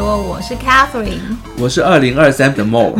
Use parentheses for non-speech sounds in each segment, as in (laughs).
我是 Catherine，我是二零二三的夢。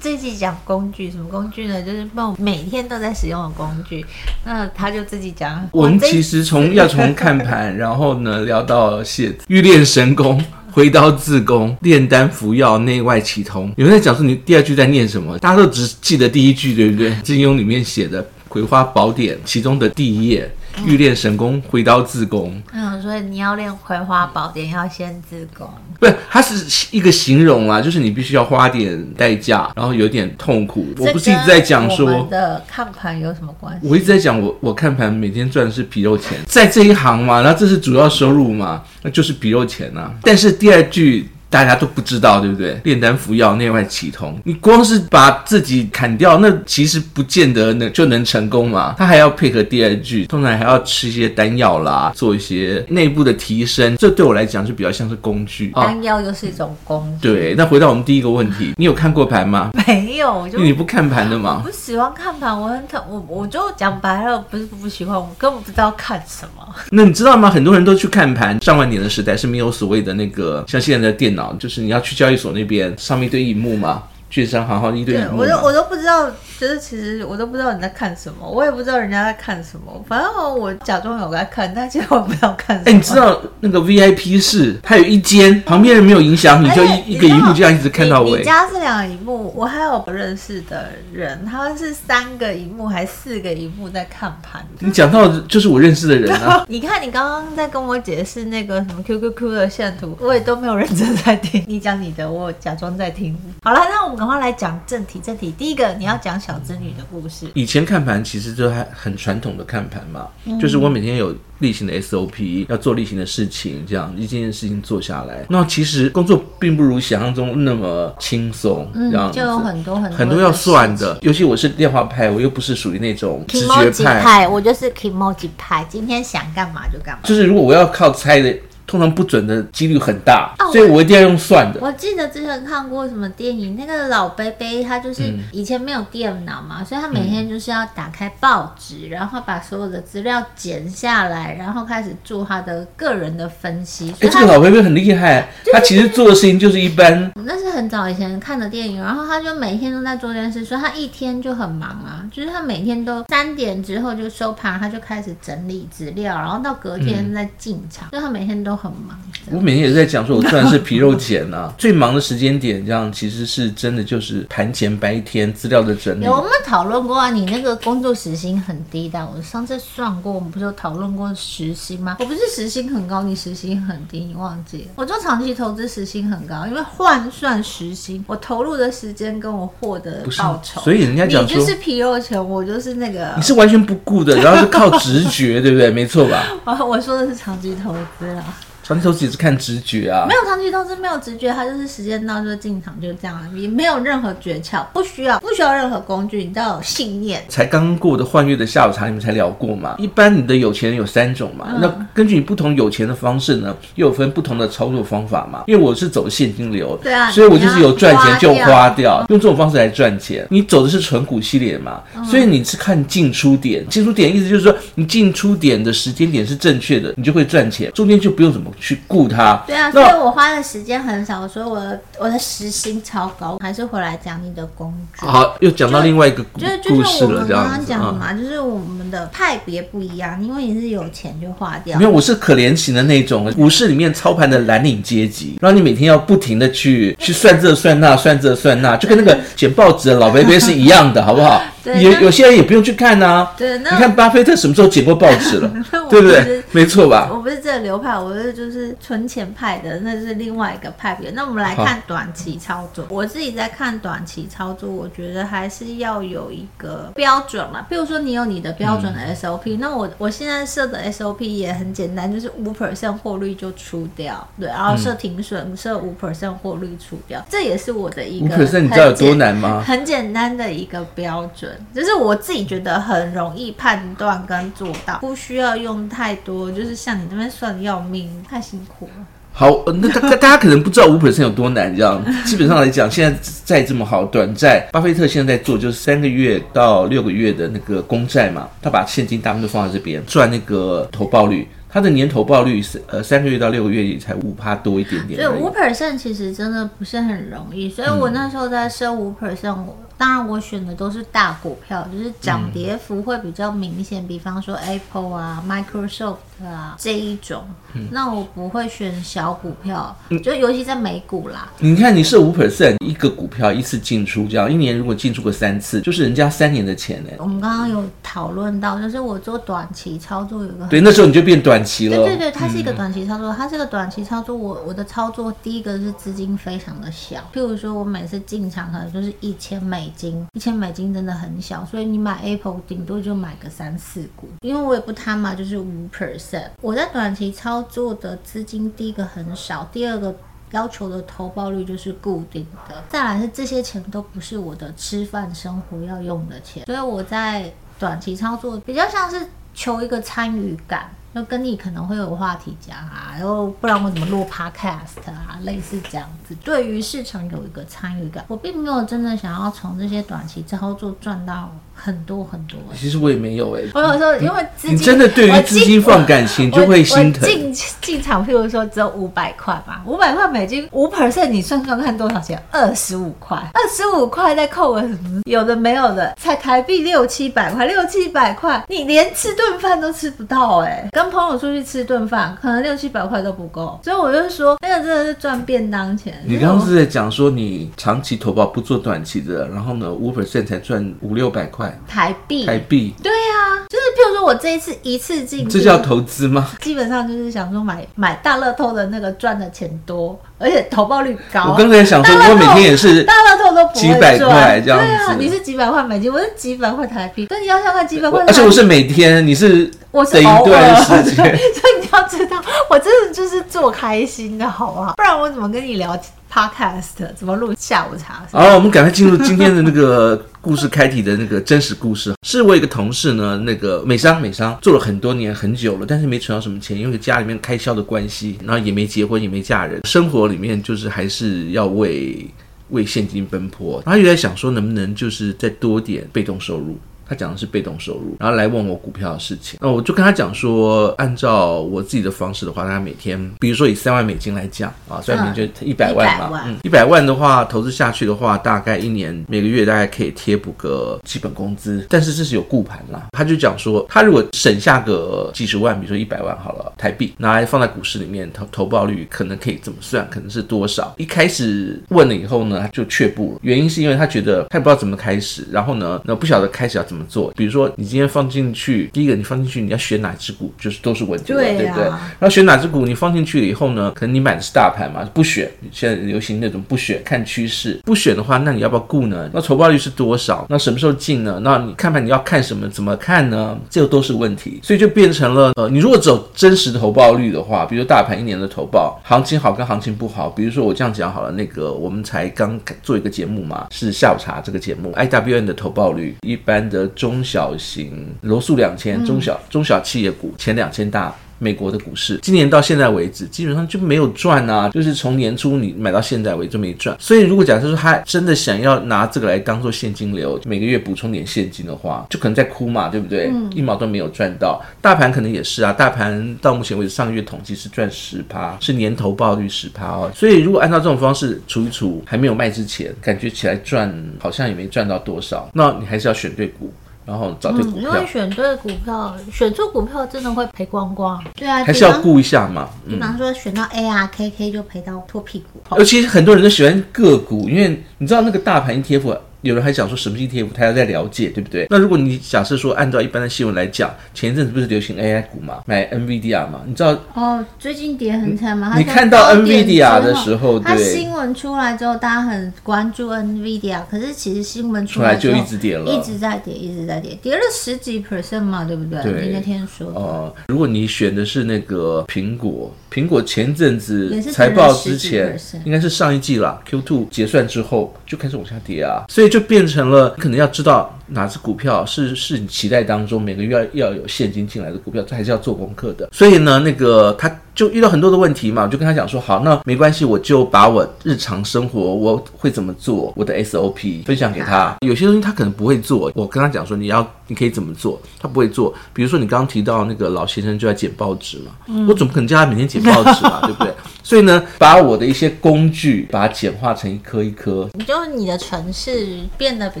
這集講工具，什麼工具呢？就是夢每天都在使用的工具。那他就自己講。我們其實從要從看盤， (laughs) 然後呢聊到寫字，欲練神功，揮刀自宮，煉丹服藥，內外齊通。有人在講說你第二句在念什麼？大家都只記得第一句，對不對？金庸裡面寫的。葵花寶典其中的第一頁，欲練神功，回刀自宮。嗯，所以你要練葵花寶典，要先自宮。不是，它是一個形容啊，就是你必須要花點代價，然後有點痛苦。我不是一直在講說，我的看盤有什麼關係？我一直在講我我看盤每天賺的是皮肉錢，在這一行嘛，那這是主要收入嘛，那就是皮肉錢啊。但是第二句。大家都不知道，對不對？煉丹服藥，內外齊通。你光是把自己砍掉，那其實不見得能就能成功嘛。他還要配合第二句，通常還要吃一些丹藥啦，做一些內部的提升。這對我來講就比較像是工具。丹藥又是一種工具。哦，對。那回到我們第一個問題，你有看過盤嗎？沒有，就因為你不看盤的嘛。我不喜歡看盤，我很疼，我我就講白了，不是不，不喜歡，我根本不知道看什麼。那你知道嗎？很多人都去看盤，上萬年的時代是沒有所謂的那個，像現在的電腦。就是你要去交易所那邊，上面一堆螢幕嘛，券商行好像一堆螢幕。我都不知道。就是其實我都不知道你在看什麼，我也不知道人家在看什麼。反正我假裝有在看，但其實我不知道看什麼。哎、欸，你知道那個 VIP 室，它有一間，旁邊人沒有影響，你就一你一個熒幕這樣一直看到我、欸你。你家是兩個熒幕，我還有不認識的人，他們是三個熒幕還是四個熒幕在看盤？你講到就是我認識的人啊。 (laughs) 你看你剛剛在跟我解釋那個什麼 QQQ 的線圖，我也都沒有認真在聽。你講你的，我假裝在聽。好了，那我們趕快來講正題。正題第一個，你要講。小資女的故事，嗯，以前看盤其實就還很傳統的看盤嘛，嗯，就是我每天有例行的 SOP，要做例行的事情，這樣一件件事情做下來，那其實工作並不如想象中那麼輕鬆，然、嗯、後就有很多，很多很多要算的很多很多，尤其我是量化派，我又不是屬於那種直覺派，我就是 Kimochi 派，今天想幹嘛就幹嘛，就是如果我要靠猜的。通常不準的幾率很大、啊，所以我一定要用算的。我記得之前看過什麼電影，那個老伯伯他就是以前沒有電腦嘛、嗯，所以他每天就是要打開報紙、嗯，然後把所有的資料剪下來，然後開始做他的個人的分析。哎、欸，這個老伯伯很厲害、就是，他其實做的事情就是一般。那是很早以前看的電影，然後他就每天都在做這件事，所以他一天就很忙啊，就是他每天都三點之後就收盤，他就開始整理資料，然後到隔天再進場，就、嗯、他每天都。很忙，我每天也在講說，我賺的是皮肉錢啊。 (laughs) 最忙的時間點這樣，其實是真的就是盤前白天資料的整理。我們討論過啊，你那個工作時薪很低的，我上次算過，我們不是有討論過時薪嗎？我不是時薪很高，你時薪很低，你忘記了？我做長期投資時薪很高，因為換算時薪，我投入的時間跟我獲得報酬不，所以人家說你就是皮肉錢，我就是那個，你是完全不顧的，然後是靠直覺， (laughs) 對不對？沒錯吧？啊，我說的是長期投資啊。長期投資也是看直覺啊、嗯，沒有長期投資沒有直覺，它就是時間到就進場就這樣，也沒有任何訣竅，不需要不需要任何工具，你都要有信念。才剛過的《幻月的下午茶》你們才聊過嘛？一般你的有錢人有三種嘛？嗯、那根據你不同有錢的方式呢，又有分不同的操作方法嘛？因為我是走現金流，對啊，所以我就是有賺錢就花掉、嗯，用這種方式來賺錢。你走的是純股系列嘛、嗯？所以你是看進出點，進出點意思就是說。你進出點的時間點是正確的，你就會賺錢，中間就不用怎麼去顧它。對啊，所以我花的時間很少，所以我的我的時薪超高。還是回來講你的工具。啊、好，又講到另外一個故，就故事了，這樣子。就，就是我們剛剛講的嘛、嗯，就是我們的派別不一樣，因為你是有錢就花掉。因為我是可憐型的那種股市裡面操盤的藍領階級，然後，你每天要不停的去去算這算那算這算那， (laughs) 就跟那個撿報紙的老杯杯是一樣的， (laughs) 好不好？有有些人也不用去看吶、啊。對，那你看巴菲特什麼時候剪過報紙了？ (laughs) 對不對？沒錯吧？我不是這個流派，我是就是存錢派的，那是另外一個派別。那我們來看短期操作，我自己在看短期操作，我覺得還是要有一個標準嘛。比如說你有你的標準的 SOP，、嗯、那我我現在設的 SOP 也很簡單，就是5%獲利就出掉，對，然後設停損、嗯、設5%獲利出掉，這也是我的一個。可是你知道有多難嗎？很簡單的一個標準。就是我自己覺得很容易判斷跟做到，不需要用太多，就是像你那邊算的要命，太辛苦了。好，那大 (laughs) 大家可能不知道五 percent 有多難，這樣基本上來講，現在債這麼好短債，巴菲特現在在做就是三個月到六個月的那個公債嘛，他把現金大部分都放在這邊賺那個投報率，他的年投報率是呃三個月到六個月也才五趴多一點點。對，五 percent 其實真的不是很容易，所以我那時候在收五 percent 我、嗯。當然，我選的都是大股票，就是漲跌幅會比較明顯。嗯、比方說，Apple 啊，Microsoft。對啊，這一種，那我不會選小股票，嗯、就尤其在美股啦。你看你是五 percent 一個股票一次進出這樣，一年如果進出個三次，就是人家三年的錢呢、欸。我們剛剛有討論到，就是我做短期操作有個，對，那時候你就變短期了、哦。對對對，它是一個短期操作，它這個短期操作，嗯、我我的操作第一個是資金非常的小，譬如說我每次進場可能就是一千美金，一千美金真的很小，所以你買 Apple 頂多就買個三四股，因為我也不貪嘛，就是五 percent。我在短期操作的資金，第一個很少，第二個要求的投報率就是固定的。再來是這些錢都不是我的吃飯生活要用的錢，所以我在短期操作比較像是求一個參與感，就跟你可能會有話題講啊，然後不然我怎麼錄 podcast 啊，類似這樣子。對於市場有一個參與感，我並沒有真的想要從這些短期操作賺到很多很多、欸，其實我也沒有哎、欸。我有時候因為資金、嗯，你真的對於資金放感情就會心疼。進進場，譬如說只有五百塊吧，五百塊美金5，五 percent，你算算看多少錢？二十五塊，二十五塊再扣我什麼有的沒有的，才台幣六七百塊，六七百塊，你連吃頓飯都吃不到哎、欸。跟朋友出去吃頓飯，可能六七百塊都不夠。所以我就說，那個真的是賺便當錢。你剛剛是在講說，你長期投保不做短期的，然後呢5，五 percent 才賺五六百塊。台幣，台幣，對啊，就是譬如說我這一次一次進，這叫投資嗎？基本上就是想說買買大樂透的那個賺的錢多，而且投報率高啊。我剛才也想說，我每天也是大樂透都不會賺幾百塊這樣子，對啊，你是幾百塊美金，我是幾百塊台幣，但你要想看幾百塊啊，而且我是每天，你是我是一段時間，所以你要知道，我真的就是做開心的好不好？不然我怎麼跟你聊？Podcast 怎麼錄下午茶？好，我們趕快進入今天的那個故事開題的那個真實故事。是我一個同事呢，那個美商美商做了很多年很久了，但是沒存到什麼錢，因為家裡面開銷的關係，然後也沒結婚也沒嫁人，生活裡面就是還是要為為現金奔波。然後他又在想說，能不能就是再多點被動收入。他講的是被動收入，然後來問我股票的事情，那我就跟他講說，按照我自己的方式的話，大家每天，比如說以三萬美金來講啊，算平均一百萬吧，一百萬嘛，嗯，一百萬，嗯，一百萬的話投資下去的話，大概一年每個月大概可以貼補個基本工資，但是這是有顧盤啦。他就講說，他如果省下個幾十萬，比如說一百萬好了台幣，拿來放在股市裡面投，投報率可能可以怎麼算，可能是多少？一開始問了以後呢，他就卻步了，原因是因為他覺得他也不知道怎麼開始，然後呢，那不曉得開始要怎。怎麼做？比如說，你今天放進去，第一個你放進去，你要選哪只股，就是都是問題，對啊、對不對？然後選哪只股，你放進去了以後呢，可能你買的是大盤嘛，不選，你現在流行那種不選，看趨勢，不選的話，那你要不要顧呢？那投報率是多少？那什麼時候進呢？那你看盤你要看什麼？怎麼看呢？這個都是問題，所以就變成了，呃，你如果走真實的投報率的話，比如說大盤一年的投報，行情好跟行情不好，比如說我這樣講好了，那個我們才剛做一個節目嘛，是下午茶這個節目，I W N 的投報率一般的。中小型羅素兩千、嗯、中小中小企業股前兩千大美國的股市，今年到現在為止基本上就沒有賺吶、啊，就是從年初你買到現在為止就沒賺。所以如果假設說他真的想要拿這個來當做現金流，每個月補充點現金的話，就可能在哭嘛，對不對？嗯、一毛都沒有賺到，大盤可能也是啊，大盤到目前為止上個月統計是賺十趴，是年投報率十趴哦。所以如果按照這種方式除一除，還沒有賣之前，感覺起來賺好像也沒賺到多少，那你還是要選對股。然後找對股票，找、嗯、因為選對股票，選錯股票真的會賠光光。對啊，還是要顧一下嘛。比方，比方說，選到 ARKK 就賠到脫屁股、嗯。而且很多人都喜歡個股，因為你知道那個大盤 ETF 有人還想說什麼 ETF，他要在了解，對不對？那如果你假設說，按照一般的新聞來講，前一陣子不是流行 AI 股嘛，買 NVIDIA 嘛，你知道？哦，最近跌很慘嗎？你看到 NVIDIA 的時候，他它新聞出、出來之後，大家很關注 NVIDIA，可是其實新聞出、出來就一直跌了，一直在跌，一直在跌，跌了十幾 percent 嘛，對不對？那天說哦。如果你選的是那個蘋果，蘋果前陣子財報之前，應該是上一季啦，Q2 結算之後就開始往下跌啊，所以。就變成了，你可能要知道哪隻股票是是你期待當中每個月要，要有現金進來的股票，這還是要做功課的。所以呢，那個他。就遇到很多的問題嘛，我就跟他講說好，那沒關係，我就把我日常生活我會怎麼做，我的 SOP 分享給他。有些東西他可能不會做，我跟他講說你要你可以怎麼做，他不會做。比如說你剛剛提到那個老先生就在剪報紙嘛、嗯，我怎麼可能叫他每天剪報紙嘛、啊， (laughs) 對不對？所以呢，把我的一些工具把它簡化成一顆一顆，你就你的城市變得比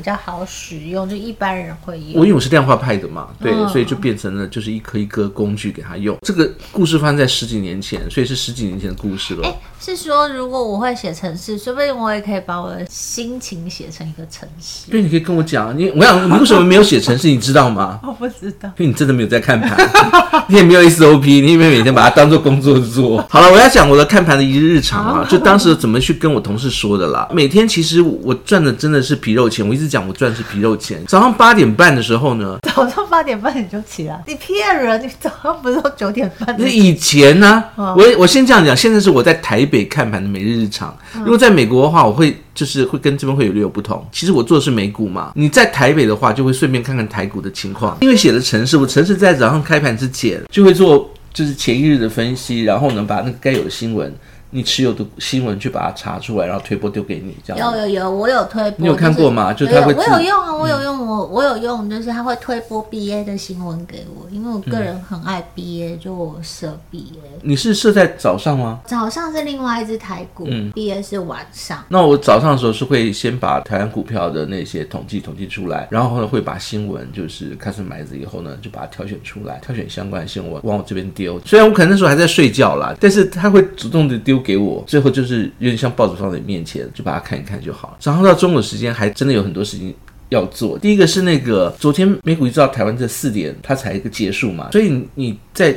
較好使用，就一般人會用。我因為我是量化派的嘛，對，嗯、所以就變成了就是一顆一顆工具給他用。這個故事發生在十幾年年前，所以是十幾年前的故事了。是說如果我會寫程式，說不定我也可以把我的心情寫成一個程式。因為你可以跟我講，你我想你為什麼沒有寫程式，你知道嗎？我不知道，因為你真的沒有在看盤， (laughs) 你也沒有 SOP，你也沒有每天把它當做工作做。好了，我要講我的看盤的一日，日常啊，就當時怎麼去跟我同事說的啦。每天其實我，我賺的真的是皮肉錢，我一直講我賺的是皮肉錢。早上八點半的時候呢，早上八點半你就起來？你騙人！你早上不是說九點半？你以前呢？我我先這樣講，現在是我在台北看盤的每日日常。如果在美國的話，我會就是會跟這邊會有略有不同。其實我做的是美股嘛，你在台北的話就會順便看看台股的情況。因為寫的程式，我程式在早上開盤之前就會做就是前一日的分析，然後呢，把那個該有的新聞。你持有的新聞去把它查出來，然後推播丟給你，這樣有有有，我有推播。你有看過嗎、就是？就是就是、他會我有用啊，我有用，我有用、嗯、我有用，就是他會推播 BA 的新聞給我，因為我個人很愛 BA，、嗯、就我設 BA。你是設在早上嗎？早上是另外一隻台股、嗯、，BA 是晚上。那我早上的時候是會先把台灣股票的那些統計統計出來，然後呢會把新聞就是開始買子以後呢，就把它挑選出來，挑選相關新聞往我這邊丟。雖然我可能那時候還在睡覺啦，但是他會主動的丟。給我，最後就是有點像報紙放在你面前，就把它看一看就好了。然後到中午時間，還真的有很多事情要做。第一個是那個昨天美股一直到台灣這四點，它才一個結束嘛，所以你在。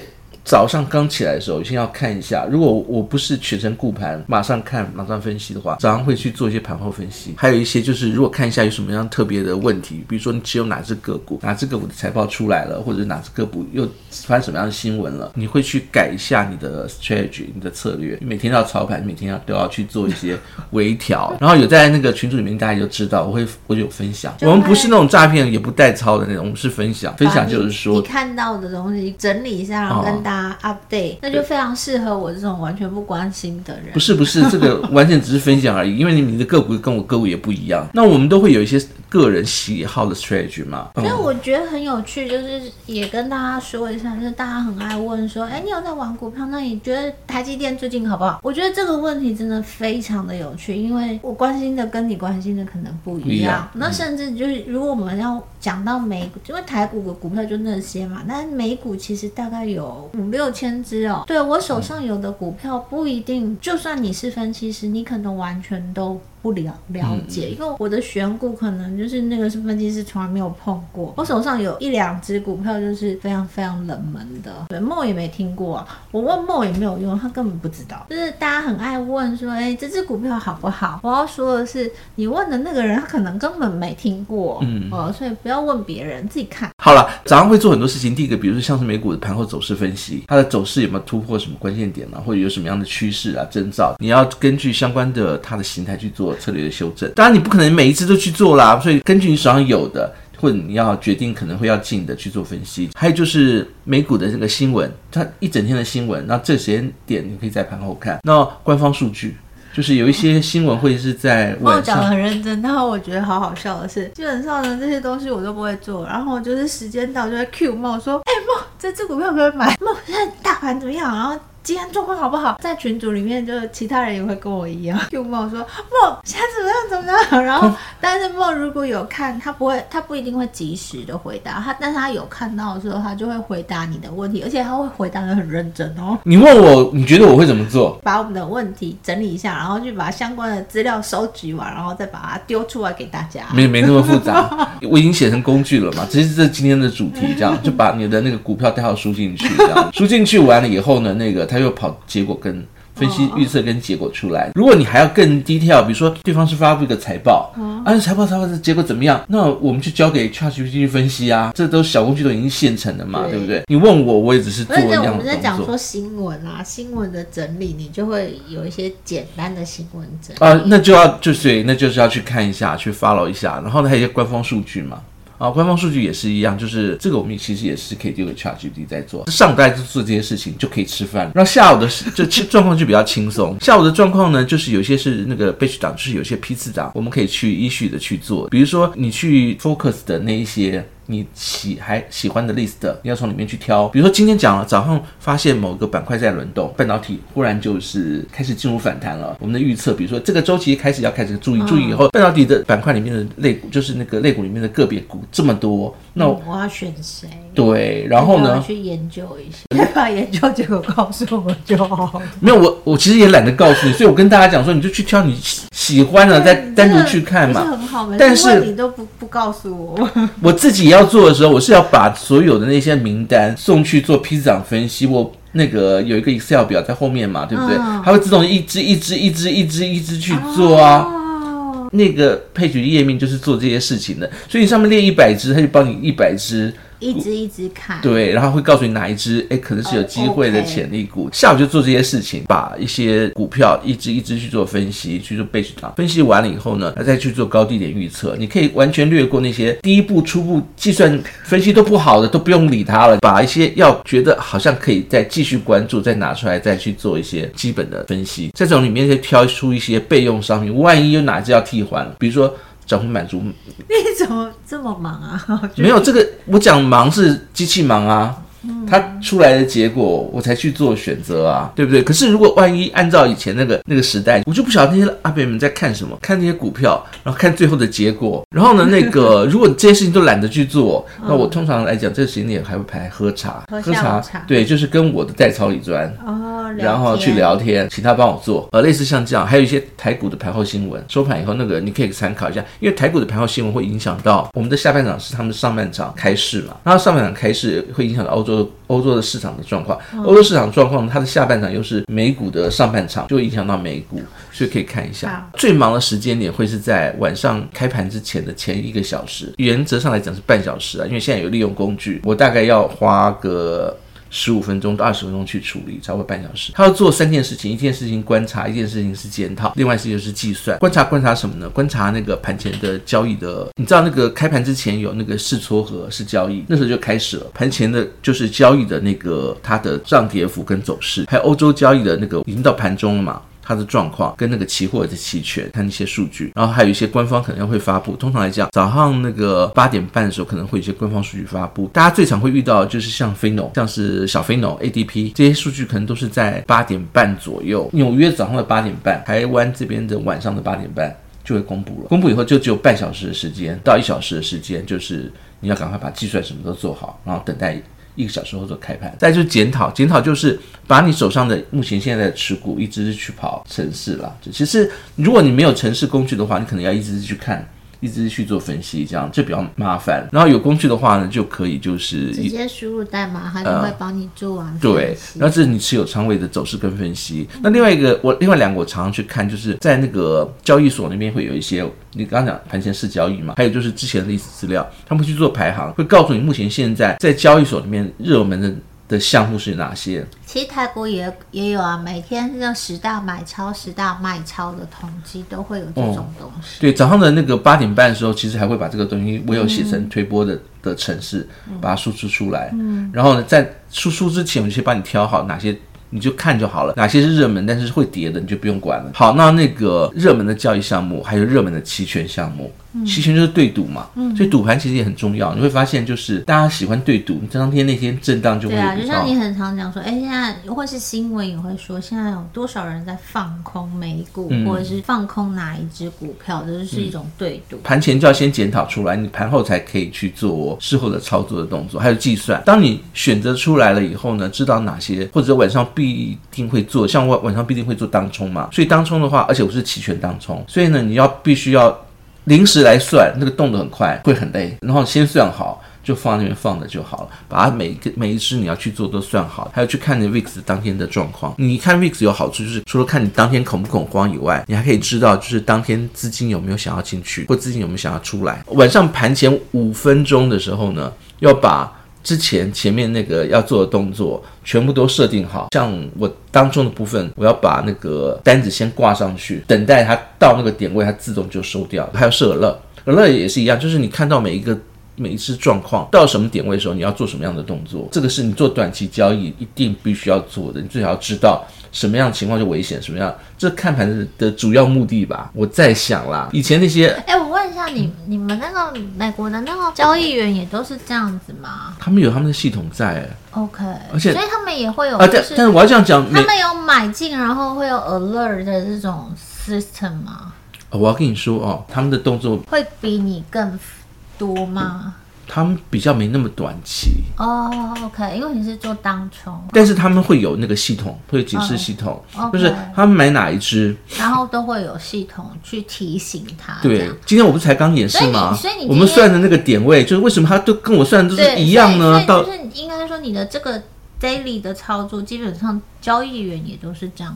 早上剛起來的時候，先要看一下。如果我不是全程顧盤，馬上看、馬上分析的話，早上會去做一些盤後分析。還有一些就是，如果看一下有什麼樣特別的問題，比如說你只有哪隻個股，哪隻個股的財報出來了，或者是哪隻個股又發什麼樣的新聞了，你會去改一下你的 strategy，你的策略。每天要操盤，每天要都要去做一些微調。 (laughs) 然後有在那個群組裡面，大家就知道，我會我就有分享。我們不是那種詐騙，也不代操的那種，我們是分享。分享就是說，你看到的東西整理一下，然後跟大家、哦。啊 update 那就非常適合我這種完全不關心的人。不是不是，這個完全只是分享而已， (laughs) 因為你你的個股跟我個股也不一樣，那我們都會有一些個人喜好的 strategy 嘛。所以我覺得很有趣，就是也跟大家說一下，就是大家很愛問說，哎，你有在玩股票？那你覺得台積電最近好不好？我覺得這個問題真的非常的有趣，因為我關心的跟你關心的可能不一樣。啊、那甚至就是如果我們要。講到美股，因為台股的股票就那些嘛，那美股其實大概有五六千隻哦。對，我手上有的股票不一定，嗯，就算你是分析師，你可能完全都。不了了解，因為我的選股可能就是那個是分析師從來沒有碰過。我手上有一兩隻股票，就是非常非常冷門的，夢也沒聽過，啊。我問夢也沒有用，他根本不知道。就是大家很愛問說：“哎，欸，這隻股票好不好？”我要說的是，你問的那個人，他可能根本沒聽過。嗯，哦，所以不要問別人，自己看。好了，早上會做很多事情，第一個，比如說像是美股的盤後走勢分析，它的走勢有沒有突破什麼關鍵點啊，或者有什麼樣的趨勢啊徵兆？你要根據相關的它的形態去做策略的修正，當然你不可能每一次都去做啦，所以根據你手上有的，或者你要決定可能會要進的去做分析。還有就是美股的整個新聞，它一整天的新聞，那這時間點你可以在盤後看。那官方數據就是有一些新聞會、嗯、是在晚上。我講的很認真，然後我覺得好好笑的是，基本上呢這些東西我都不會做，然後就是時間到就會 cue 夢說，哎、欸、夢，這支股票可不可以買？夢，現在大盤怎麼樣？然後。今天狀況好不好？在群組裡面，就是其他人也會跟我一樣，就問我說：“夢，現在怎麼樣？怎麼樣？”然後，但是夢如果有看，他不會，他不一定會及時的回答他，但是他有看到的時候，他就會回答你的問題，而且他會回答的很認真哦。你問我，你覺得我會怎麼做？把我們的問題整理一下，然後就把相關的資料收集完，然後再把它丟出來給大家。沒沒那麼複雜， (laughs) 我已經寫成工具了嘛，其實這是今天的主題，這樣就把你的那個股票代號輸進去，這樣輸進去完了以後呢，那個他。又跑結果跟分析預測跟結果出來，如果你還要更低調，比如說對方是發布一個財報，啊，財報財報的結果怎麼樣？那我們就交給 ChatGPT 去分析啊，這都小工具都已經現成的嘛，對不對？你問我我也只是做。而且我們在講說新聞啊，新聞的整理，你就會有一些簡單的新聞整理啊，那就要就是那就是要去看一下，去 follow 一下，然後還有一些官方數據嘛。啊，官方數據也是一樣，就是這個我們其實也是可以丟給 ChatGPT 在做，上午就做這些事情就可以吃飯，然後那下午的就狀況就，就，就比較輕鬆。 (laughs) 下午的狀況呢，就是有些是那個 batch 檔，就是有些批次檔，我們可以去依序的去做。比如說你去 focus 的那一些，你喜還喜歡的 list，你要從裡面去挑。比如說今天講了，早上發現某個板塊在輪動，半導體忽然就是開始進入反彈了。我們的預測，比如說這個周期開始要開始注意，注意以後半導體的板塊裡面的類股，就是那個類股裡面的個別股這麼多。那我要選誰？對，然後呢？去研究一下，你把研究結果告訴我就好。沒有我，我其實也懶得告訴你，所以我跟大家講說，你就去挑你喜歡的、啊，再單獨去看嘛，很好。但是你都不不告訴我，我自己要做的時候，我是要把所有的那些名單送去做批次檔分析。我那個有一個 Excel 表在後面嘛，對不對？它會自動一支、一支、一支、一支一支一支去做啊。那個配局的頁面就是做這些事情的，所以你上面列一百隻，他就幫你一百隻。一支一支看，對，然後會告訴你哪一支，哎，可能是有機會的潛力股。哦 okay。下午就做這些事情，把一些股票一支一支去做分析，去做 backtest。分析完了以後呢，再去做高低點預測。你可以完全略過那些第一步初步計算分析都不好的，都不用理它了。把一些要覺得好像可以再繼續關注，再拿出來，再去做一些基本的分析，這種裡面再挑出一些備用商品。萬一有哪支要替換了，比如說。怎麼會滿足？你怎麼這麼忙啊？沒有這個，我講忙是機器忙啊。嗯、他出來的結果，我才去做選擇啊，對不對？可是如果萬一按照以前那個那個時代，我就不曉得那些阿伯們在看什麼，看那些股票，然後看最後的結果。然後呢，那個 (laughs) 如果這些事情都懶得去做，嗯、那我通常來講，嗯、這個時間點還會排喝茶，喝茶，喝茶，對，就是跟我的代操理專哦，然後去聊天，請他幫我做，呃，類似像這樣，還有一些台股的盤後新聞，收盤以後那個你可以參考一下，因為台股的盤後新聞會影響到我們的下半場，是他們上半場開市嘛，然後上半場開市會影響到歐洲。說歐洲的市場的狀況，歐洲市場狀況，它的下半場又是美股的上半場，就會影響到美股，所以可以看一下。最忙的時間點會是在晚上開盤之前的前一個小時，原則上來講是半小時啊，因為現在有利用工具，我大概要花個。十五分鐘到二十分鐘去處理，差不多半小時。他要做三件事情：一件事情觀察，一件事情是檢討，另外一件事情就是計算。觀察觀察什麼呢？觀察那個盤前的交易的，你知道那個開盤之前有那個試撮合試交易，那時候就開始了。盤前的就是交易的那個它的漲跌幅跟走勢，還有歐洲交易的那個已經到盤中了嘛。它的狀況跟那個期貨的期權，看一些數據，然後還有一些官方可能要會發布。通常來講，早上那個八點半的時候，可能會有一些官方數據發布。大家最常會遇到的就是像非農像是小非農 ADP 這些數據，可能都是在八點半左右。紐約早上的八點半，臺灣這邊的晚上的八點半就會公布了。公布以後，就只有半小時的時間，到一小時的時間，就是你要趕快把計算什麼都做好，然後等待。一個小時後做開盤，再就檢討。檢討就是把你手上的目前現在的持股，一直是去跑程式了。就其實，如果你沒有程式工具的話，你可能要一直是去看。一直去做分析這，這樣就比較麻煩。然後有工具的話呢，就可以就是直接輸入代碼，他就會幫你做完、呃。對，這是你持有倉位的走勢跟分析。嗯、那另外一個，我另外兩個我常常去看，就是在那個交易所那邊會有一些，你剛剛講盤前市交易嘛，還有就是之前的歷史資料，他們去做排行，會告訴你目前現在在交易所裡面熱門的。的項目是哪些？其實泰國也也有啊，每天那十大買超、十大賣超的統計都會有這種東西。哦、對，早上的那個八點半的時候，其實還會把這個東西我有寫成推播的、嗯、的程式，把它輸出出來嗯。嗯，然後呢，在輸出之前，我們先幫你挑好哪些，你就看就好了。哪些是熱門但是會跌的，你就不用管了。好，那那個熱門的教育項目還有熱門的期權項目。期權就是對賭嘛，所以賭盤其實也很重要。你會發現，就是大家喜歡對賭，你當天那天震盪就會。對啊，就像你很常講說，哎、欸，現在或是新聞也會說，現在有多少人在放空美股，嗯、或者是放空哪一支股票，這、就是是一種對賭。盤、嗯、前就要先檢討出來，你盤後才可以去做事後的操作的動作，還有計算。當你選擇出來了以後呢，知道哪些或者晚上必定會做，像我晚上必定會做當沖嘛。所以當沖的話，而且不是期權當沖，所以呢，你要必須要。臨時來算，那個動得很快，會很累。然後先算好，就放在那邊放着就好了。把它每一個每一支你要去做都算好，還要去看你的 VIX 當天的狀況。你看 VIX 有好處，就是除了看你當天恐不恐慌以外，你還可以知道就是當天資金有沒有想要進去，或資金有沒有想要出來。晚上盤前五分鐘的時候呢，要把。之前前面那個要做的動作全部都設定好，像我當中的部分，我要把那個單子先掛上去，等待它到那個點位，它自動就收掉。還有 SL，SL 也是一樣，就是你看到每一個每一次狀況到什麼點位的時候，你要做什麼樣的動作，這個是你做短期交易一定必須要做的，你最好知道什麼樣情況就危險，什麼樣這看盤的主要目的吧。我在想啦，以前那些哎我。像你、你們那個美國的那個交易員也都是這樣子嗎？他們有他們的系統在耶，OK，而且所以他們也會有、就是啊。但是我要這樣講，他們有買進，然後會有 alert 的這種 system 嗎、哦？我要跟你說哦，他們的動作會比你更多嗎？嗯他們比較沒那麼短期哦，OK，因為你是做當沖，但是他們會有那個系統，會有警示系統，就是他們買哪一支，然後都會有系統去提醒他。對，今天我不是才剛演示嗎？所以我們算的那個點位，就是為什麼他都跟我算的都是一樣呢？到就是應該說你的這個 daily 的操作基本上。交易員也都是這樣。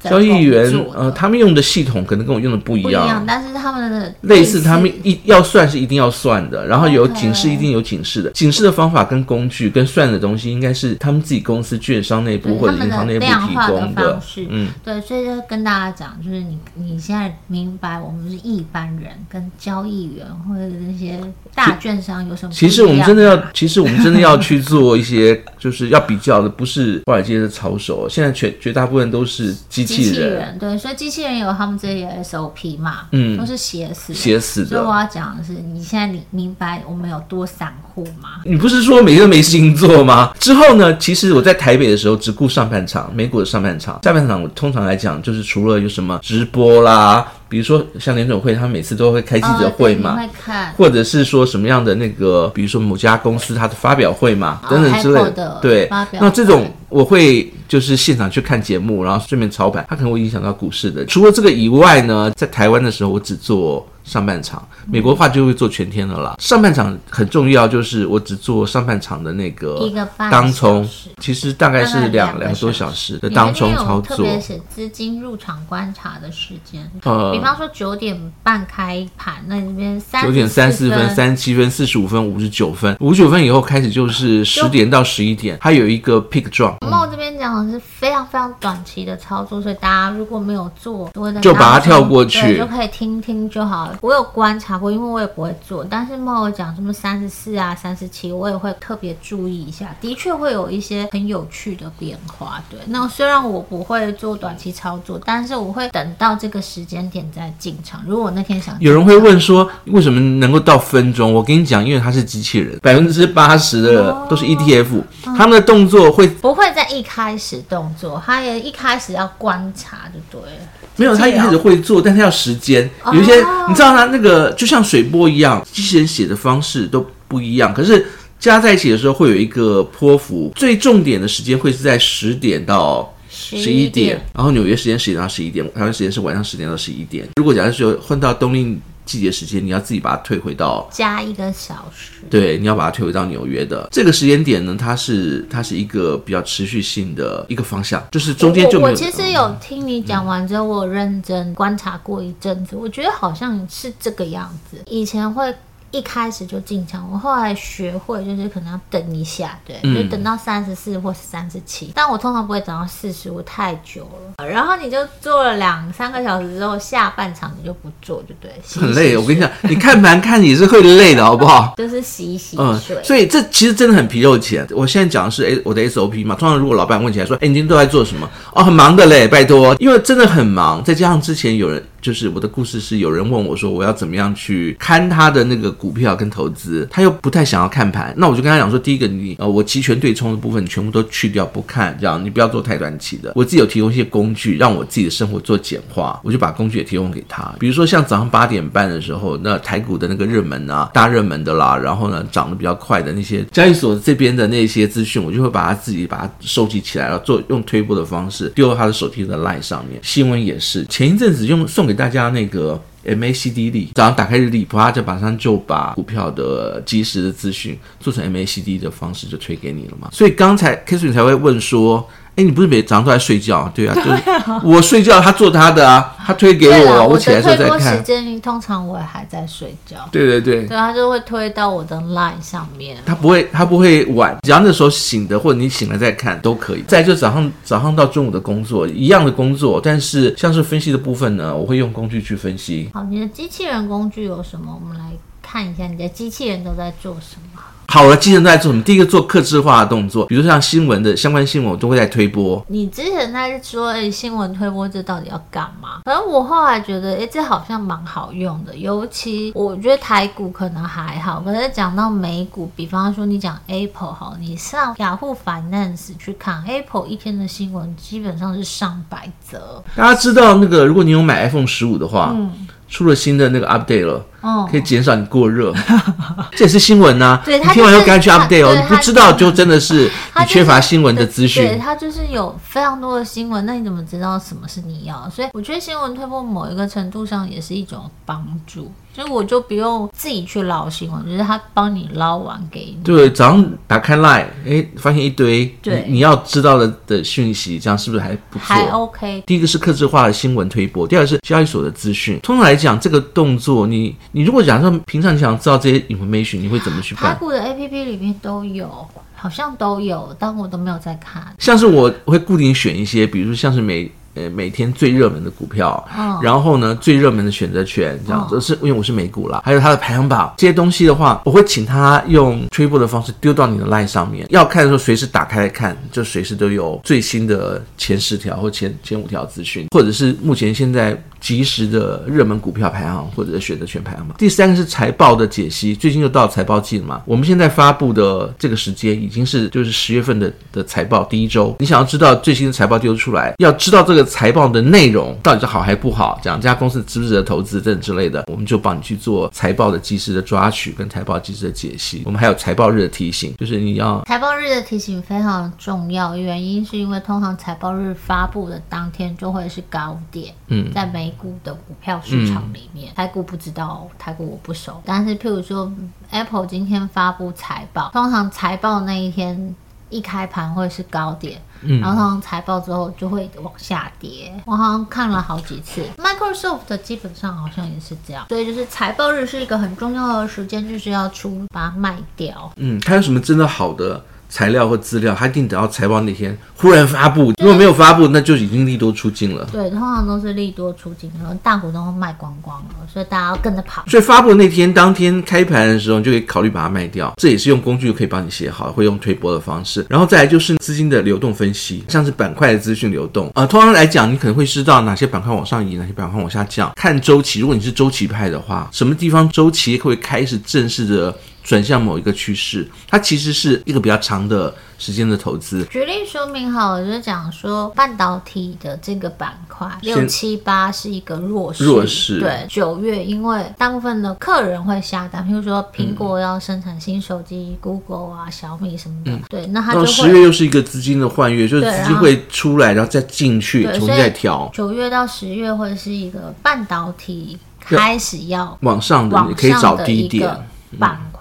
交易員呃，他們用的系統可能跟我用的不一樣。不一樣，但是他們的類似，類似他們一要算是一定要算的，然後有警示，一定有警示的。Okay. 警示的方法跟工具跟算的東西，應該是他們自己公司券商內部或者銀行內部提供的。嗯，對，所以就跟大家講，就是你你現在明白我們是一般人跟交易員或者那些大券商有什麼？其實我們真的要，其實我們真的要去做一些， (laughs) 就是要比較的，不是華爾街的操守。現在全絕大部分都是機器，器人，對，所以機器人有他們這些 S O P 嘛，嗯，都是寫死、寫死的。所以我要講的是，你現在你明白我們有多散戶嗎？你不是說每個人沒事情做嗎、嗯？之後呢？其實我在台北的時候只顧上半場，美股的上半場，下半場我通常來講就是除了有什麼直播啦，比如說像聯準會，他們每次都會開記者會嘛，哦、會看，或者是說什麼樣的那個，比如說某家公司它的發表會嘛，等等之類的，哦、的對，那這種我會。就是現場去看節目，然後順便操盤，它可能會影響到股市的。除了這個以外呢，在台灣的時候我只做。上半場，美國的話就會做全天的啦。嗯、上半場很重要，就是我只做上半場的那個當沖，其實大概是兩兩個多小時的當沖操作。特別寫資金入場觀察的時間，呃、嗯，比方說九點半開盤那邊九點三四分、三七分、四十五分、五十九分，五十九分以後開始就是十點到十一點，它有一個 peak 狀態。我這邊講的是非常非常短期的操作，所以大家如果沒有做，就把它跳過去，就可以聽聽就好了。我有觀察過，因為我也不會做，但是貓我講什麼三十四啊，三十七，我也會特別注意一下，的確會有一些很有趣的變化。對，那雖然我不會做短期操作，但是我會等到這個時間點再進場。如果我那天想，有人會問說，為什麼能夠到分鐘？我跟你講，因為他是機器人，百分之八十的都是 ETF、哦、他們的動作會、嗯、不會在一開始動作？他也一開始要觀察就對了。沒有，他一開始會做，但他要時間。有一些，oh. 你知道，他那個就像水波一樣，機器人寫的方式都不一樣。可是加在一起的時候，會有一個波幅。最重點的時間會是在十點到十一點,十一點，然後紐約時間十點到十一點，台灣時間是晚上十點到十一點。如果假設說換到冬令。季節時間，你要自己把它退回到加一個小時。對，你要把它退回到紐約的這個時間點呢？它是它是一個比較持續性的一個方向，就是中間就沒有、欸、我，我其實有聽你講完之後、嗯，我認真觀察過一陣子，我覺得好像是這個樣子。以前會。一開始就進場，我後來學會就是可能要等一下，對，嗯、就等到三十四或是三十七，但我通常不會等到四十五，太久了。然後你就做了兩三個小時之後，下半場你就不做，就對洗洗睡。很累，我跟你講，你看盤看也是會累的， (laughs) 好不好？就是洗洗睡，嗯，所以這其實真的很皮肉錢。我現在講的是哎，我的 SOP 嘛。通常如果老闆問起來說，哎，你今天都在做什麼？哦，很忙的嘞，拜託、哦，因為真的很忙。再加上之前有人，就是我的故事是有人問我說，我要怎麼樣去看他的那個。股票跟投資，他又不太想要看盤，那我就跟他講說，第一個你，你呃，我期權對沖的部分全部都去掉，不看，這樣你不要做太短期的。我自己有提供一些工具，讓我自己的生活做簡化，我就把工具也提供給他。比如說像早上八點半的時候，那台股的那個熱門啊，大熱門的啦，然後呢漲得比較快的那些交易所這邊的那些資訊，我就會把他自己把它收集起來了，然後做用推播的方式丟到他的手提的 LINE 上面。新聞也是前一陣子用送給大家那個，MACD 裡，早上打開日曆，不，阿就馬上就把股票的即時的資訊做成 MACD 的方式就推給你了嘛。所以剛才 (noise) casein 才會問說。哎、欸，你不是每天早上都在睡覺？對啊，就是，我睡覺，他做他的啊，他推給我，啊、我起來時候再看。我時間，通常我也還在睡覺。對對對。對，他就會推到我的 LINE 上面。他不會，他不會晚，只要那時候醒的，或者你醒了再看都可以。在這早上，早上到中午的工作一樣的工作，但是像是分析的部分呢，我會用工具去分析。好，你的機器人工具有什麼？我們來看一下，你的機器人都在做什麼？好了，今天都在做什麼？第一個做客製化的動作，比如像新聞的相關新聞，我都會在推播。你之前在說，誒、欸、新聞推播這到底要幹嘛？反正我後來覺得，誒、欸、這好像蠻好用的。尤其我覺得台股可能還好，可是講到美股，比方說你講 Apple 好，你上雅虎 Finance 去看 Apple 一天的新聞，基本上是上百則。大家知道那個，如果你有買 iPhone 十五的話，嗯，出了新的那個 update 了。哦，可以減少你過熱， (laughs) 這也是新聞吶。對，他聽完又趕快去 update 哦。你不知道就真的是你缺乏新聞的資訊。對、哦，哦 (laughs) 啊哦、他，他就是有非常多的新聞，那你怎麼知道什麼是你要的？所以我覺得新聞推播某一個程度上也是一種幫助，所以我就不用自己去撈新聞，就是他幫你撈完給你。對，早上打開 Line，哎、欸，發現一堆你你，你要知道的的訊息，這樣是不是還不錯？還 OK。第一個是客制化的新聞推播，第二個是交易所的資訊。通常來講，這個動作你。你如果假設平常你想知道這些 information，你會怎麼去辦？美顧的 A P P 裡面都有，好像都有，但我都沒有在看。像是我會固定選一些，比如說像是每呃每天最熱門的股票，哦、然後呢最熱門的選擇權這樣子，就、哦、是因為我是美股啦，還有它的排行榜這些東西的話，我會請它用推 e 的方式丟到你的 line 上面，要看的時候隨時打開來看，就隨時都有最新的前十條或前前五條資訊，或者是目前現在及時的熱門股票排行，或者選擇權排行。第三個是財報的解析，最近又到財報季了嘛。我們現在發布的這個時間已經是就是十月份的的財報第一周。你想要知道最新的財報丟出來，要知道這個財報的內容到底是好還不好，講這家公司值不值得投資等等之類的，我們就幫你去做財報的及時的抓取跟財報及時的解析。我們還有財報日的提醒，就是你要財報日的提醒非常重要，原因是因為通常財報日發布的當天就會是高點。嗯，在美股的股票市場裡面，嗯，台股不知道，台股我不熟。但是，譬如說，Apple 今天發佈財報，通常財報那一天一開盤會是高點，嗯，然後通常財報之後就會往下跌。嗯，我好像看了好幾次，Microsoft 基本上好像也是這樣。所以，就是財報日是一個很重要的時間，就是要出，把它賣掉。嗯，還有什麼真的好的？材料或資料，它一定等到財報那天忽然發布。如果沒有發布，那就已經利多出盡了。對，通常都是利多出盡，可能大股東會賣光光了，所以大家要跟着跑。所以發布那天當天開盤的時候，你就可以考慮把它賣掉。這也是用工具可以幫你寫好，會用推播的方式。然後再來就是資金的流動分析，像是板塊的資訊流動。呃，通常來講，你可能會知道哪些板塊往上移，哪些板塊往下降。看週期，如果你是週期派的話，什麼地方週期會開始正式的。轉向某一個趨勢，它其實是一個比較長的時間的投資。舉例說明好了，就是講說半導體的這個板塊六七八是一個弱勢，弱勢，對。九月因為大部分的客人會下單，譬如說蘋果要生產新手機、嗯、Google 啊、小米什麼的，嗯、對，那它就會。十月又是一個資金的換月，就是資金會出來，然後，然後再進去，重新再調。九月到十月會是一個半導體開始要，要往上的，上的你可以找低點。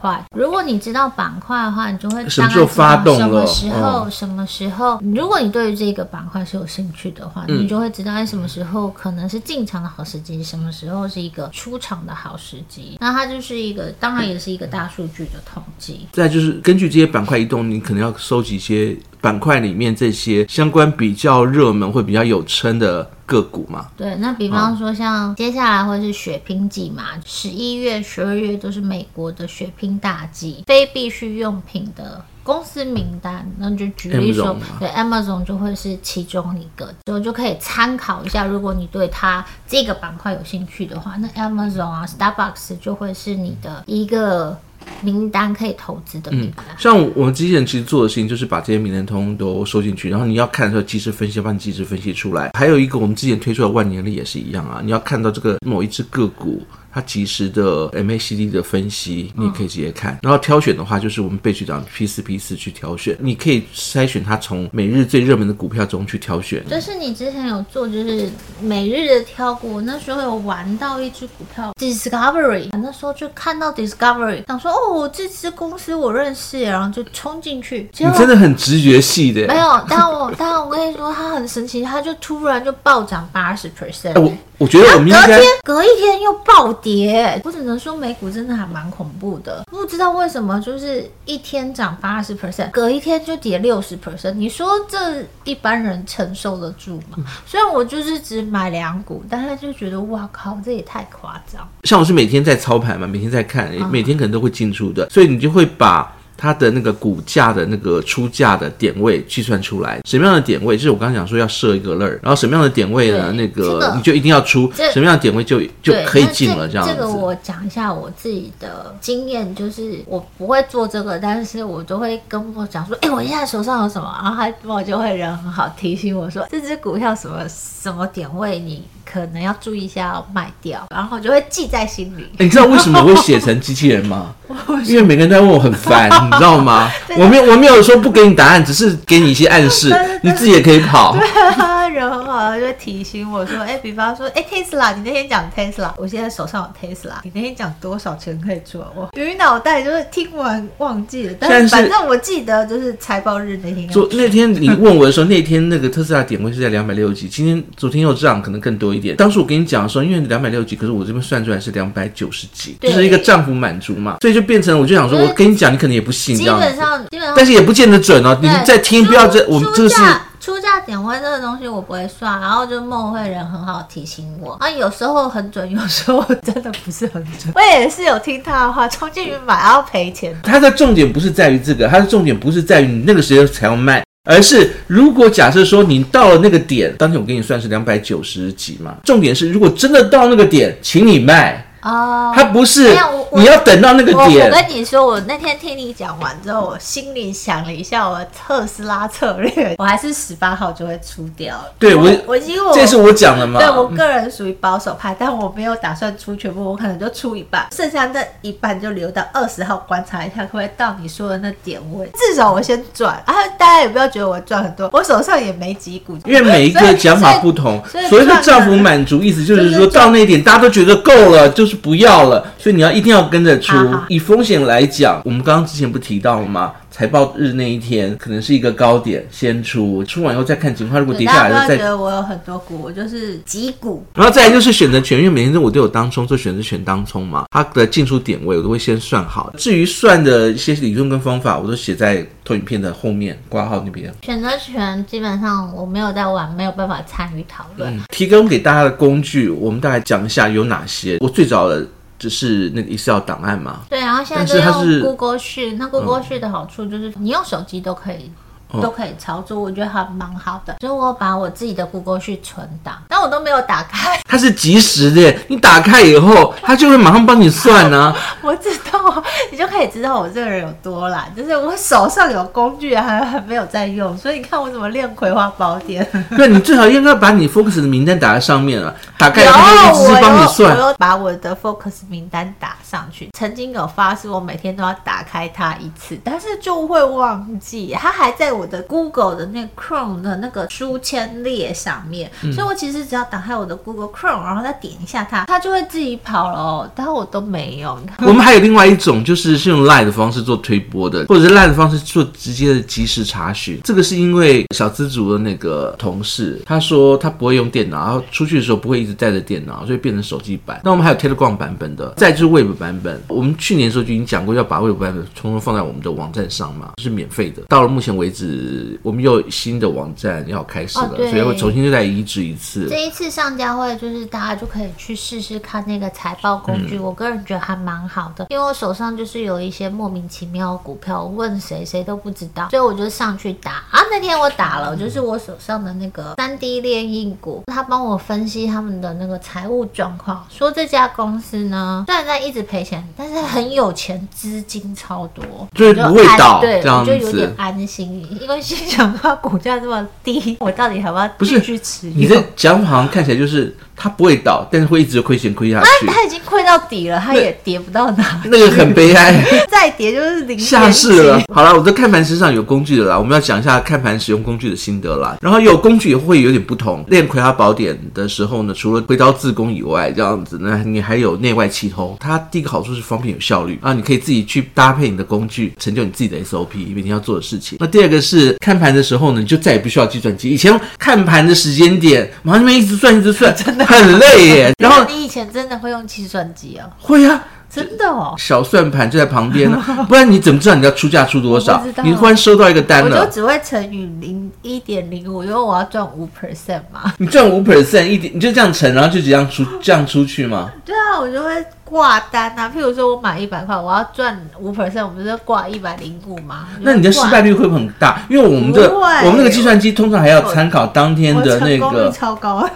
塊，如果你知道板塊的話，你就會什麼時候發動了，什麼時候什麼時候，哦、什麼時候。如果你對於這個板塊是有興趣的話，嗯、你就會知道哎，什麼時候可能是進場的好時機，嗯，什麼時候是一個出場的好時機。那它就是一個，當然也是一個大數據的統計。再就是根據這些板塊移動，你可能要收集一些。板塊裡面這些相關比較熱門，會比較有撐的個股嘛。對，那比方說像接下來會是血拼季嘛，哦、十一月、十二月都是美國的血拼大季，非必需用品的公司名單，那就舉例說，對，Amazon 就會是其中一個，所以就，就可以參考一下。如果你對它這個板塊有興趣的話，那 Amazon 啊、Starbucks 就會是你的一個。名單，可以投資的名單、嗯，像我們之前其實做的事情，就是把這些名單通都收進去，然後你要看的時候，即時分析，幫你即時分析出來。還有一個，我們之前推出來的萬年曆也是一樣啊，你要看到這個某一只個股。它即時的 MACD 的分析，你可以直接看，嗯。然後挑選的話，就是我們被局長 P 四 P 四去挑選，你可以篩選它從每日最熱門的股票中去挑選。就是你之前有做，就是每日的挑股，那時候有玩到一隻股票 Discovery，那時候就看到 Discovery，想說，哦，這支公司我認識，然後就衝進去。你真的很直覺系的。沒有，但我但我跟你說，它很神奇，它就突然就暴漲八十 percent。啊我覺得我們一天、啊、隔天隔一天又暴跌，我只能說美股真的還蠻恐怖的。不知道為什麼，就是一天漲八十 percent，隔一天就跌六十 percent。你說這一般人承受得住嗎？嗯、雖然我就是只買兩股，但是就覺得哇靠，這也太誇張。像我是每天在操盤嘛，每天在看，每天可能都會進出的，嗯、所以你就會把。它的那個股價的那個出價的點位計算出來，什麼樣的點位，就是我剛才講說要設一個樂，然後什麼樣的點位呢？那個你就一定要出，什麼樣的點位就就可以進了這樣子。這，這個我講一下我自己的經驗，就是我不會做這個，但是我都會跟我講說，哎、欸，我現在手上有什麼，然後他我就會人很好提醒我說，這只股票什麼什麼點位你。可能要注意一下，要賣掉，然後就會記在心裡。哎、欸，你知道為什麼我會寫成機器人嗎？ (laughs) 因為每個人在問我很煩， (laughs) 你知道嗎？ (laughs) 對對對對，我沒有我沒有說不給你答案，只是給你一些暗示， (laughs) 對對對對，你自己也可以跑。對、啊，人很好，就會提醒我說，哎、欸，比方說，哎、欸、Tesla，你那天講 Tesla，我現在手上有 Tesla，你那天講多少錢可以做？我魚腦袋就是聽完忘記了，但是反正我記得就是財報日那天。昨那天你問我的時候、嗯，那天那個特斯拉點位是在兩百六十幾，今天昨天又這樣，可能更多。一點，當時我跟你講的時候，因為兩百六十幾，可是我這邊算出來是兩百九十幾，就是一個漲幅滿足嘛，所以就變成我就想說，我跟你講，你可能也不信。基本上，基本上，但是也不見得準哦。你們在聽，不要這，我們這是出價點位這個東西我不會算，然後就夢會人很好提醒我啊，有時候很準，有時候真的不是很準。我也是有聽他的話衝進去買，然後賠錢。他的重點不是在於這個，他的重點不是在於你那個時候才要賣。而是，如果假設說你到了那個點，當天我給你算是兩百九十幾嘛。重點是，如果真的到那個點，請你賣。哦，他不是，你要等到那個點我。我跟你說，我那天聽你講完之後，我心裡想了一下，我的特斯拉策略，我還是十八號就會出掉。對我，我已經，這是我講的嘛。對我個人屬於保守派、嗯，但我沒有打算出全部，我可能就出一半，剩下那一半就留到二十號觀察一下，會不會到你說的那點位。至少我先賺，然後大家也不要覺得我賺很多，我手上也沒幾股。因為每一個講法不同，所以說漲幅滿足，意思就是說、就是就是、到那一點大家都覺得夠了，就是。不要了，所以你要一定要跟着出好好。以風險來講，我們剛剛之前不提到了嗎？財報日那一天可能是一個高點，先出，出完以後再看情況。如果跌下來了，再覺得再我有很多股，我就是幾股。然後再來就是選擇權，因為每天中午都有當沖做選擇選當沖嘛，它的進出點位我都會先算好。至於算的一些理論跟方法，我都寫在投影片的後面掛號那邊。選擇權基本上我沒有在玩，沒有辦法參與討論，嗯。提供給大家的工具，我們大概講一下有哪些。我最早。找的就是那個 Excel 檔案嘛。對，然後現在就用 Google 去，是是那 Google 去的好處就是，你用手機都可以。都可以操作，我覺得還蠻好的。所以我把我自己的 Google 去存檔，但我都沒有打開。它是即時的，你打開以後，它就會馬上幫你算啊。 (laughs) 我知道，你就可以知道我這個人有多懶，就是我手上有工具還還沒有在用，所以你看我怎麼練葵花寶典。對。 (laughs) 你最好應該把你 Focus 的名單打在上面啊，打開以後然後我一直幫你算我。我有把我的 Focus 名單打上去，曾經有發誓我每天都要打開它一次，但是就會忘記，它還在。我的 Google 的那 Chrome 的那個書籤列上面，嗯、所以我其實只要打開我的 Google Chrome，然後再點一下它，它就會自己跑了，但我都沒有你看。我們還有另外一種，就是是用 LINE 的方式做推播的，或者是 LINE 的方式做直接的即時查詢。這個是因為小資族的那個同事，他說他不會用電腦，然後出去的時候不會一直帶着電腦，所以變成手機版。那我們還有 Telegram 版本的，再就是 Web 版本。我們去年的時候就已經講過要把 Web 版本通通放在我們的網站上嘛，就是免費的。到了目前為止。是，我們又有新的網站要開始了，哦、所以我重新再移植一次。這一次上架會就是大家就可以去試試看那個財報工具、嗯。我個人覺得還蠻好的，因為我手上就是有一些莫名其妙的股票，我問誰誰都不知道，所以我就上去打啊。那天我打了，就是我手上的那個 3D 列印股，他幫我分析他們的那個財務狀況，說這家公司呢雖然在一直賠錢，但是很有錢，資金超多，就不會倒。這樣子對，我就有點安心。因為心想，它股價這麼低，我到底還要不要繼續持有？你的講法好像看起來就是。它不會倒，但是會一直虧錢虧下去。它、啊、它已經虧到底了，它也跌不到哪那。那個很悲哀。 (laughs) 再跌就是零。下市了。 (laughs) 好了，我這看盤身上有工具的啦，我們要講一下看盤使用工具的心得啦。然後有工具也會有點不同。練葵花寶典的時候呢，除了揮刀自宮以外，這樣子呢，你還有內外齊通。它第一個好處是方便有效率啊，然後你可以自己去搭配你的工具，成就你自己的 SOP，每天要做的事情。那第二個是看盤的時候呢，你就再也不需要計算機。以前看盤的時間點，往裡面一直算一直算，一直算真的。很累耶， (laughs) 然後你以前真的會用計算機啊？會啊，真的哦、喔，小算盤就在旁邊呢、啊，不然你怎麼知道你要出價出多少、啊？你忽然收到一個單了，我就只會乘以零一點零五，因為我要賺五 percent 嘛。你賺五 percent 一點，你就這樣乘，然後就這樣出， (laughs) 這樣出去嗎？對啊，我就會。掛單啊，譬如說我買一百塊，我要賺五%，我們不是掛一百零五嗎？那你的失敗率會不會很大，因為我們的我們那個計算機通常還要參考當天的那個超高啊，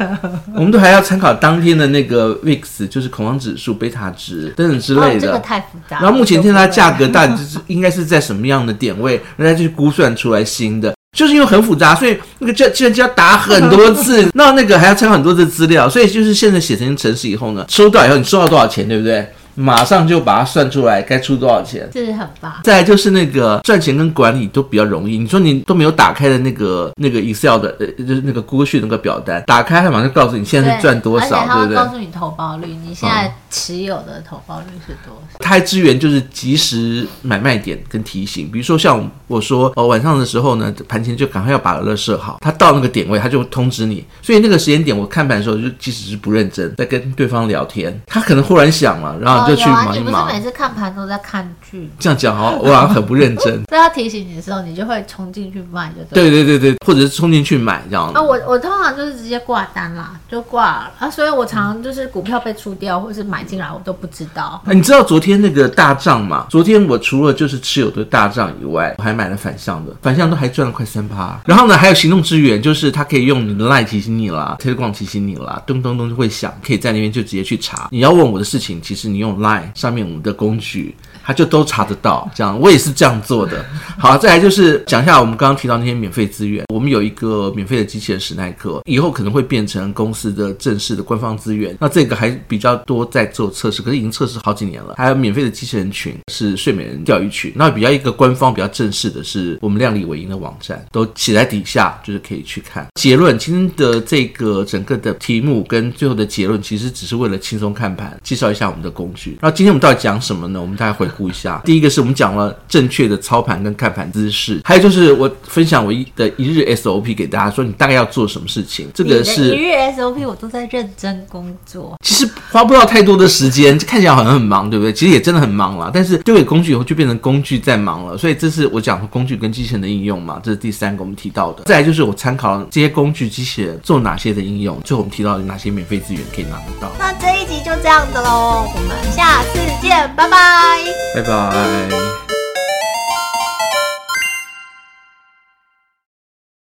我們都還要參考當天的那個 VIX，就是恐慌指數、貝塔值等等之類的。哦，這個太複雜了。然後目前現在它價格大致、就是應該是在什麼樣的點位，人家就估算出來新的。就是因為很複雜，所以那個就就，就要打很多字，那那個還要參考很多的資料，所以就是現在寫成程式以後呢，收到以後你收到多少錢，對不對？馬上就把它算出來，該出多少錢，這是很棒。再來就是那個賺錢跟管理都比較容易。你說你都沒有打開的那個那個 Excel 的呃，就是那個 Google 那個表單，打開它馬上就告訴你現在是賺多少，對，對不對？告訴你投報率，你現在持有的投報率是多少？嗯、他還支援就是及時買賣點跟提醒，比如說像我說哦晚上的時候呢，盤前就趕快要把了設好，他到那個點位他就通知你。所以那個時間點我看盤的時候，就即使是不認真在跟對方聊天，他可能忽然想了、嗯，然後。就去忙忙，哦、啊、你不是每次看盤都在看劇？這樣講哦，我好像很不認真。 (laughs) 在他提醒你的時候，你就會衝進去賣，就對。對對對對，或者是衝進去買這樣。啊，我我通常就是直接掛單啦，就掛了啊。所以我常常就是股票被出掉，嗯、或者是買進來，我都不知道。哎、你知道昨天那個大賬嘛？昨天我除了就是持有的大賬以外，我還買了反向的，反向都還賺了快三趴。然後呢，還有行動支援，就是它可以用你的 Line 提醒你啦，Telegram 提醒你啦，咚咚咚就會響，可以在那邊就直接去查。你要問我的事情，其實你用。Online，上面我們的工具。他就都查得到，這樣我也是這樣做的。好，再來就是講一下我們剛剛提到那些免費資源。我們有一個免費的機器人史耐克，以後可能會變成公司的正式的官方資源。那這個還比較多在做測試，可是已經測試好幾年了。還有免費的機器人群是睡美人釣魚群。那比較一個官方比較正式的是我們量力為營的網站，都寫在底下，就是可以去看結論。今天的這個整個的題目跟最後的結論，其實只是為了輕鬆看盤，介紹一下我們的工具。然後今天我們到底講什麼呢？我們大家。回顧一下，第一個是我們講了正確的操盤跟看盤姿勢，還有就是我分享我一的一日 SOP 給大家，說你大概要做什麼事情。這個是一日 SOP，我都在認真工作。其實花不到太多的時間，看起來好像很忙，對不對？其實也真的很忙啦，但是丟給工具以後，就變成工具在忙了。所以這是我講工具跟機器人的應用嘛，這是第三個我們提到的。再來就是我參考了這些工具、機器人做哪些的應用，最後我們提到的哪些免費資源可以拿得到。那這一集就這樣的嘍，我們下次見，拜拜。拜拜。